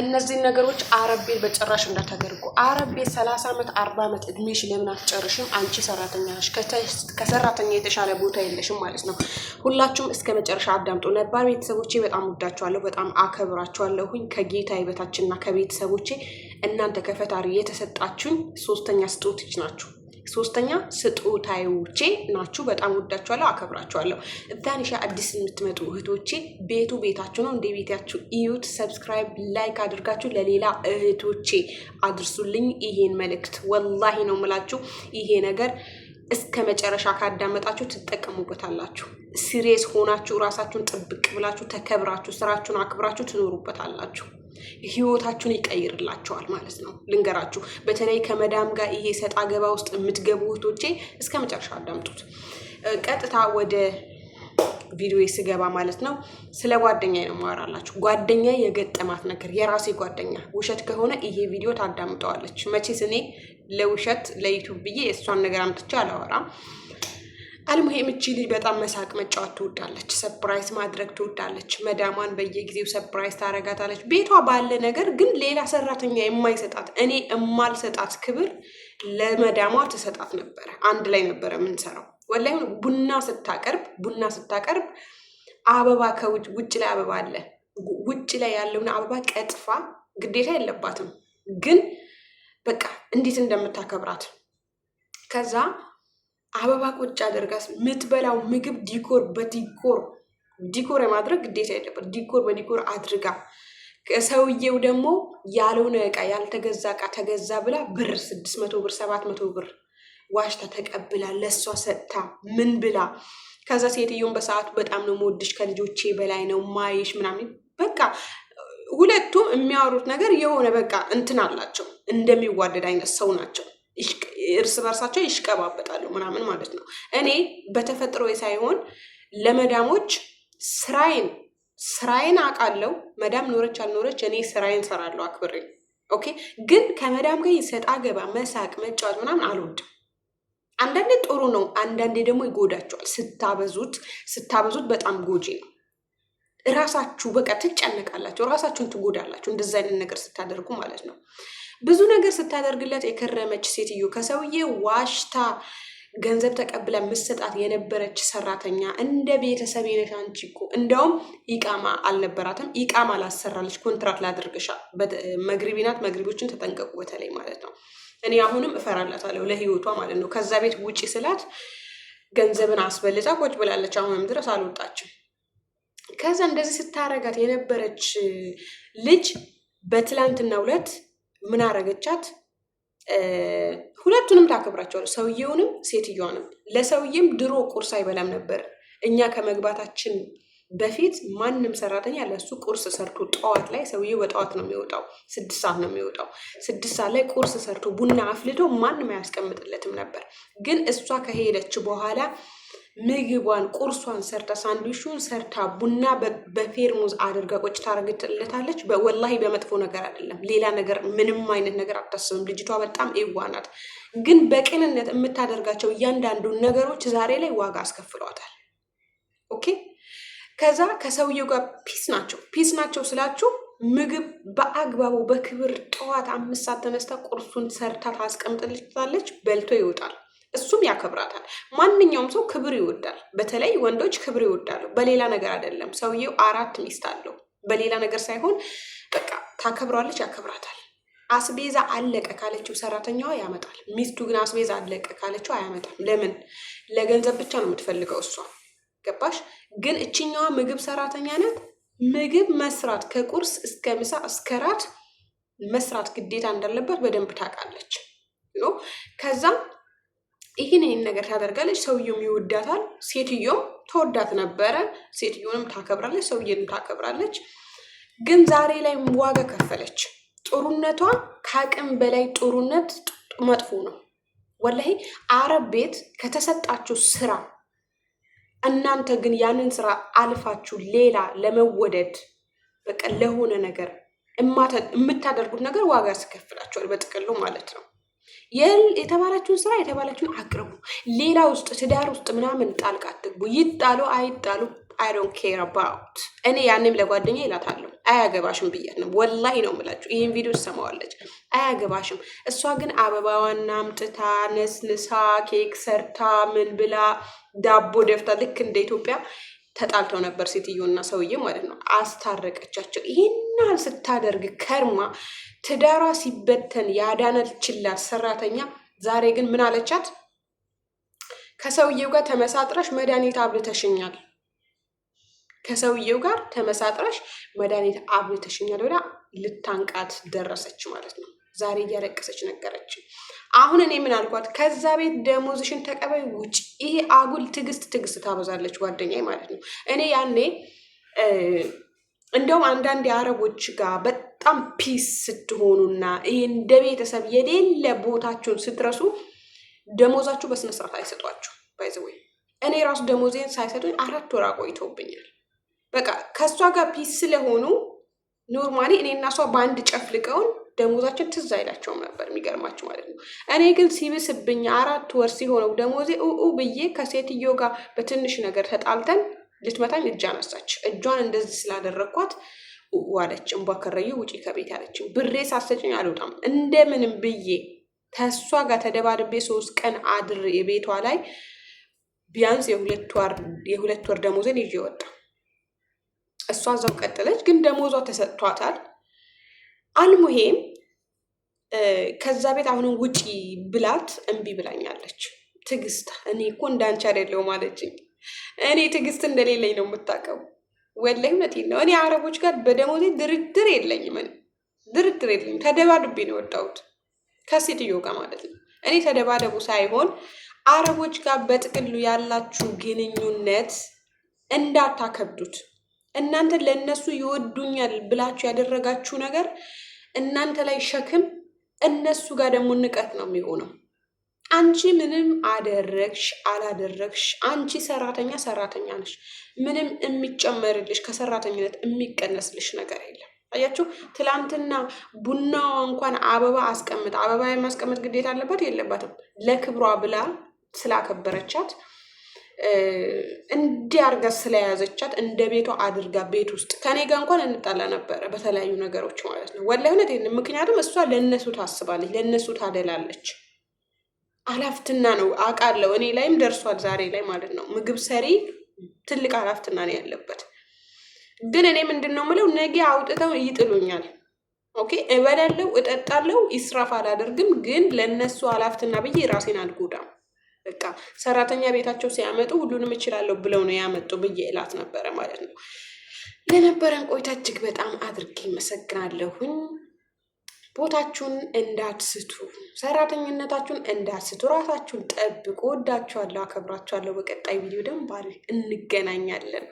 እነዚህን ነገሮች አረቤ በጭራሽ እንዳታደርጉ። አረቤ ቤት ሰላሳ ዓመት አርባ ዓመት እድሜሽ ለምን አትጨርሽም? አንቺ ሰራተኛ ነሽ። ከሰራተኛ የተሻለ ቦታ የለሽም ማለት ነው። ሁላችሁም እስከ መጨረሻ አዳምጡ። ነባር ቤተሰቦቼ በጣም ወዳችኋለሁ፣ በጣም አከብራችኋለሁኝ። ከጌታ ይበታችንና ከቤተሰቦቼ እናንተ ከፈጣሪ የተሰጣችሁኝ ሶስተኛ ስጦትች ናችሁ። ሶስተኛ ስጦታዎቼ ናችሁ። በጣም ወዳችኋለሁ፣ አከብራችኋለሁ። ዳኒሻ አዲስ የምትመጡ እህቶቼ ቤቱ ቤታችሁ ነው። እንደ ቤታችሁ እዩት። ሰብስክራይብ፣ ላይክ አድርጋችሁ ለሌላ እህቶቼ አድርሱልኝ ይሄን መልእክት። ወላሂ ነው የምላችሁ ይሄ ነገር እስከ መጨረሻ ካዳመጣችሁ ትጠቀሙበታላችሁ። ሲሪየስ ሆናችሁ ራሳችሁን ጥብቅ ብላችሁ ተከብራችሁ ስራችሁን አክብራችሁ ትኖሩበታላችሁ። ህይወታችሁን ይቀይርላቸዋል ማለት ነው። ልንገራችሁ፣ በተለይ ከመዳም ጋር ይሄ ሰጣ አገባ ውስጥ የምትገቡ እህቶቼ እስከ መጨረሻ አዳምጡት። ቀጥታ ወደ ቪዲዮ ስገባ ማለት ነው ስለ ጓደኛ ነው ማወራላችሁ። ጓደኛ የገጠማት ነገር የራሴ ጓደኛ ውሸት ከሆነ ይሄ ቪዲዮ ታዳምጠዋለች። መቼስ እኔ ለውሸት ለዩቱብ ብዬ የእሷን ነገር አምጥቼ አላወራም። አልሙሄም እቺ ልጅ በጣም መሳቅ መጫወት ትወዳለች፣ ሰፕራይዝ ማድረግ ትወዳለች። መዳሟን በየጊዜው ሰፕራይዝ ታረጋታለች። ቤቷ ባለ ነገር ግን ሌላ ሰራተኛ የማይሰጣት እኔ እማልሰጣት ክብር ለመዳሟ ትሰጣት ነበረ። አንድ ላይ ነበረ የምንሰራው። ወላይ ቡና ስታቀርብ ቡና ስታቀርብ አበባ ከውጭ ውጭ ላይ አበባ አለ። ውጭ ላይ ያለውን አበባ ቀጥፋ ግዴታ የለባትም ግን በቃ እንዴት እንደምታከብራት ከዛ አበባ ቁጭ አድርጋስ የምትበላው ምግብ ዲኮር በዲኮር ዲኮር የማድረግ ግዴታ የለበት። ዲኮር በዲኮር አድርጋ ሰውዬው ደግሞ ያልሆነ እቃ ያልተገዛ እቃ ተገዛ ብላ ብር ስድስት መቶ ብር ሰባት መቶ ብር ዋሽታ ተቀብላ ለእሷ ሰጥታ ምን ብላ ከዛ ሴትዮን በሰዓቱ በጣም ነው ሞድሽ ከልጆቼ በላይ ነው ማይሽ ምናምን በቃ ሁለቱም የሚያወሩት ነገር የሆነ በቃ እንትን አላቸው እንደሚዋደድ አይነት ሰው ናቸው። እርስ በርሳቸው ይሽቀባበጣሉ ምናምን ማለት ነው። እኔ በተፈጥሮ ሳይሆን ለመዳሞች ስራዬን ስራዬን አውቃለሁ። መዳም ኖረች አልኖረች እኔ ስራዬን ሰራለሁ አክብሬ። ኦኬ ግን ከመዳም ጋር ይሰጣ ገባ፣ መሳቅ፣ መጫወት ምናምን አልወድም። አንዳንዴ ጥሩ ነው፣ አንዳንዴ ደግሞ ይጎዳቸዋል። ስታበዙት ስታበዙት በጣም ጎጂ ነው። ራሳችሁ በቃ ትጨነቃላችሁ፣ ራሳችሁን ትጎዳላችሁ። እንደዚ አይነት ነገር ስታደርጉ ማለት ነው። ብዙ ነገር ስታደርግለት የከረመች ሴትዮ ከሰውዬ ዋሽታ ገንዘብ ተቀብላ ምሰጣት የነበረች ሰራተኛ እንደ ቤተሰብ ነሽ አንቺ እኮ። እንደውም ኢቃማ አልነበራትም። ኢቃማ ላሰራለች ኮንትራት ላድርግሻ። መግሪቢናት መግሪቦችን ተጠንቀቁ፣ በተለይ ማለት ነው። እኔ አሁንም እፈራላታለሁ ለህይወቷ ማለት ነው። ከዛ ቤት ውጪ ስላት ገንዘብን አስበልጣ ቁጭ ብላለች። አሁንም ድረስ አልወጣችም። ከዛ እንደዚህ ስታረጋት የነበረች ልጅ በትላንትና ሁለት ምን አረገቻት? ሁለቱንም ታከብራቸዋል፣ ሰውየውንም ሴትየዋንም። ለሰውዬም ድሮ ቁርስ አይበላም ነበር። እኛ ከመግባታችን በፊት ማንም ሰራተኛ ለሱ ቁርስ ሰርቶ ጠዋት ላይ ሰውየው በጠዋት ነው የሚወጣው፣ ስድስት ሰዓት ነው የሚወጣው። ስድስት ሰዓት ላይ ቁርስ ሰርቶ ቡና አፍልቶ ማንም አያስቀምጥለትም ነበር። ግን እሷ ከሄደች በኋላ ምግቧን ቁርሷን ሰርታ ሳንዱሹን ሰርታ ቡና በፌርሙዝ አድርጋ ቁጭ ታደርግለታለች። ወላሂ በመጥፎ ነገር አይደለም፣ ሌላ ነገር ምንም አይነት ነገር አታስብም። ልጅቷ በጣም ይዋናት፣ ግን በቅንነት የምታደርጋቸው እያንዳንዱ ነገሮች ዛሬ ላይ ዋጋ አስከፍለዋታል። ኦኬ ከዛ ከሰውየው ጋር ፒስ ናቸው። ፒስ ናቸው ስላችሁ ምግብ በአግባቡ በክብር ጠዋት አምስት ሰዓት ተነስታ ቁርሱን ሰርታ ታስቀምጥልታለች። በልቶ ይወጣል። እሱም ያከብራታል። ማንኛውም ሰው ክብር ይወዳል። በተለይ ወንዶች ክብር ይወዳሉ። በሌላ ነገር አይደለም። ሰውየው አራት ሚስት አለው። በሌላ ነገር ሳይሆን በቃ ታከብረዋለች፣ ያከብራታል። አስቤዛ አለቀ ካለችው ሰራተኛዋ ያመጣል። ሚስቱ ግን አስቤዛ አለቀ ካለችው አያመጣም። ለምን? ለገንዘብ ብቻ ነው የምትፈልገው እሷ። ገባሽ? ግን እችኛዋ ምግብ ሰራተኛ ናት። ምግብ መስራት ከቁርስ እስከ ምሳ እስከ ራት መስራት ግዴታ እንዳለበት በደንብ ታውቃለች። ከዛም ይህን ይህን ነገር ታደርጋለች። ሰውየውም ይወዳታል፣ ሴትዮም ተወዳት ነበረ። ሴትዮንም ታከብራለች፣ ሰውየንም ታከብራለች። ግን ዛሬ ላይ ዋጋ ከፈለች። ጥሩነቷ ከአቅም በላይ ጥሩነት መጥፎ ነው። ወላሂ አረብ ቤት ከተሰጣችሁ ስራ እናንተ ግን ያንን ስራ አልፋችሁ ሌላ ለመወደድ በቃ ለሆነ ነገር የምታደርጉት ነገር ዋጋ ያስከፍላችኋል፣ በጥቅሉ ማለት ነው። የተባላችሁን ስራ የተባላችሁን አቅርቡ። ሌላ ውስጥ ትዳር ውስጥ ምናምን ጣልቃ አትግቡ። ይጣሉ አይጣሉ አይዶን ኬር አባውት እኔ ያንም ለጓደኛ ይላታለሁ። አያገባሽም ብያት ነው ወላሂ ነው የምላችሁ። ይህን ቪዲዮ ትሰማዋለች። አያገባሽም። እሷ ግን አበባዋን አምጥታ ነስንሳ ኬክ ሰርታ ምን ብላ ዳቦ ደፍታ ልክ እንደ ኢትዮጵያ ተጣልተው ነበር ሴትዮና ሰውዬ ማለት ነው። አስታረቀቻቸው። ይህን ስታደርግ ከርማ ትዳሯ ሲበተን ያዳነችላት ሰራተኛ ዛሬ ግን ምን አለቻት? ከሰውየው ጋር ተመሳጥረሽ መድኃኒት አብልተሽኛል፣ ከሰውየው ጋር ተመሳጥረሽ መድኃኒት አብልተሽኛል ብላ ልታንቃት ደረሰች ማለት ነው። ዛሬ እያለቀሰች ነገረች። አሁን እኔ ምን አልኳት? ከዛ ቤት ደሞዝሽን ተቀበይ ውጭ። ይሄ አጉል ትዕግስት ትዕግስት ታበዛለች ጓደኛዬ ማለት ነው። እኔ ያኔ እንደውም አንዳንድ የአረቦች ጋር በጣም ፒስ ስትሆኑና ይሄ እንደ ቤተሰብ የሌለ ቦታችሁን ስትረሱ ደሞዛችሁ በስነስርዓት አይሰጧችሁ። ባይዘወይ እኔ ራሱ ደሞዜን ሳይሰጡኝ አራት ወር አቆይተውብኛል። በቃ ከእሷ ጋር ፒስ ስለሆኑ ኖርማሊ እኔ እና በአንድ ጨፍልቀውን ደሞዛችን ትዝ አይላቸውም ነበር፣ የሚገርማቸው ማለት ነው። እኔ ግን ሲብስብኝ አራት ወር ሲሆነው ደሞዜ ኡኡ ብዬ ከሴትዮ ጋር በትንሽ ነገር ተጣልተን ልትመታኝ እጅ አነሳች። እጇን እንደዚህ ስላደረግኳት ኡኡ አለች። እንቧ ከረዩ ውጪ ከቤት አለችም። ብሬ ሳሰጭኝ አልወጣም እንደምንም ብዬ ተሷ ጋር ተደባድቤ ሶስት ቀን አድር ቤቷ ላይ ቢያንስ የሁለት ወር ደሞዜን ይዤ ወጣ። እሷ እዛው ቀጠለች፣ ግን ደሞዟ ተሰጥቷታል። አልሙሄም ከዛ ቤት አሁንም ውጪ ብላት እምቢ ብላኛለች። ትግስት እኔ እኮ እንዳንቺ አይደለሁም አለችኝ። እኔ ትግስት እንደሌለኝ ነው የምታውቀው። ወላሂ እውነቴን ነው። እኔ አረቦች ጋር በደሞዜ ድርድር የለኝም፣ ድርድር የለኝም። ተደባድቤ ነው የወጣሁት ከሴትዮ ጋር ማለት ነው። እኔ ተደባደቡ ሳይሆን አረቦች ጋር በጥቅሉ ያላችሁ ግንኙነት እንዳታከብዱት እናንተ ለእነሱ ይወዱኛል ብላችሁ ያደረጋችሁ ነገር እናንተ ላይ ሸክም፣ እነሱ ጋር ደግሞ ንቀት ነው የሚሆነው። አንቺ ምንም አደረግሽ አላደረግሽ፣ አንቺ ሰራተኛ ሰራተኛ ነሽ። ምንም የሚጨመርልሽ ከሰራተኝነት የሚቀነስልሽ ነገር የለም። አያችሁ፣ ትላንትና ቡናዋ እንኳን አበባ አስቀምጥ አበባ የማስቀመጥ ግዴታ አለባት የለባትም? ለክብሯ ብላ ስላከበረቻት እንዲያርጋ ስለያዘቻት እንደ ቤቷ አድርጋ ቤት ውስጥ ከኔ ጋር እንኳን እንጣላ ነበረ በተለያዩ ነገሮች ማለት ነው። ወላሂ እውነት ይህን ምክንያቱም እሷ ለእነሱ ታስባለች፣ ለእነሱ ታደላለች። አላፍትና ነው አውቃለሁ። እኔ ላይም ደርሷል ዛሬ ላይ ማለት ነው። ምግብ ሰሪ ትልቅ አላፍትና ነው ያለበት። ግን እኔ ምንድን ነው ምለው ነገ አውጥተው ይጥሉኛል። ኦኬ እበላለሁ፣ እጠጣለሁ፣ ይስራፍ አላደርግም። ግን ለእነሱ አላፍትና ብዬ ራሴን አልጎዳም። በቃ ሰራተኛ ቤታቸው ሲያመጡ ሁሉንም እችላለሁ ብለው ነው ያመጡ ብዬ እላት ነበረ ማለት ነው። ለነበረን ቆይታ እጅግ በጣም አድርጌ መሰግናለሁኝ። ቦታችሁን እንዳትስቱ፣ ሰራተኝነታችሁን እንዳትስቱ፣ ራሳችሁን ጠብቁ። ወዳችኋለሁ፣ አከብራችኋለሁ። በቀጣይ ቪዲዮ ደግሞ እንገናኛለን።